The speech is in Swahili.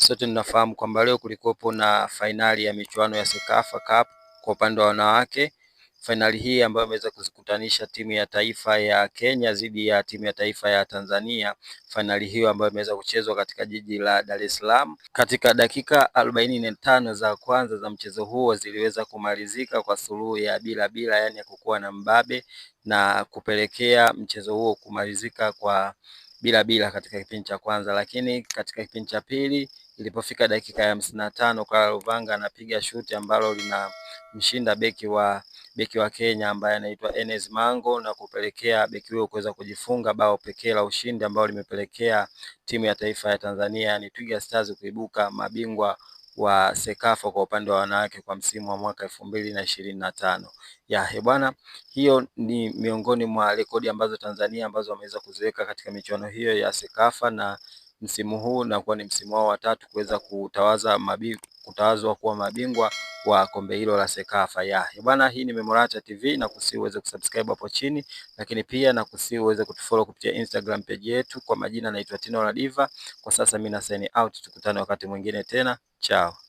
Sote tunafahamu kwamba leo kulikuwepo na fainali ya michuano ya Sekafa Cup kwa upande wa wanawake, fainali hii ambayo imeweza kuzikutanisha timu ya taifa ya Kenya dhidi ya timu ya taifa ya Tanzania, fainali hiyo ambayo imeweza kuchezwa katika jiji la Dar es Salaam. Katika dakika arobaini na tano za kwanza za mchezo huo ziliweza kumalizika kwa suluhu ya bila bila, yani ya kukuwa na mbabe na kupelekea mchezo huo kumalizika kwa bila bila katika kipindi cha kwanza, lakini katika kipindi cha pili Ilipofika dakika ya hamsini na tano Clara Luvanga anapiga shuti ambalo linamshinda beki wa beki wa Kenya ambaye anaitwa Enes Mango na kupelekea beki huyo kuweza kujifunga bao pekee la ushindi ambao limepelekea timu ya taifa ya Tanzania yani Twiga Stars kuibuka mabingwa wa Sekafa kwa upande wa wanawake kwa msimu wa mwaka elfu mbili na ishirini na tano. Ya bwana, hiyo ni miongoni mwa rekodi ambazo Tanzania ambazo wameweza kuziweka katika michuano hiyo ya Sekafa na msimu huu na ni msimu wao wa tatu kuweza kutawaza mabingwa, kutawazwa kuwa mabingwa wa kombe hilo la Sekafa ya bwana. Hii ni Memorata TV na kusi uweze kusubscribe hapo chini, lakini pia na kusi uweze kutufollow kupitia Instagram page yetu kwa majina, naitwa Tino la Diva. Kwa sasa mimi na sign out, tukutane wakati mwingine tena, chao.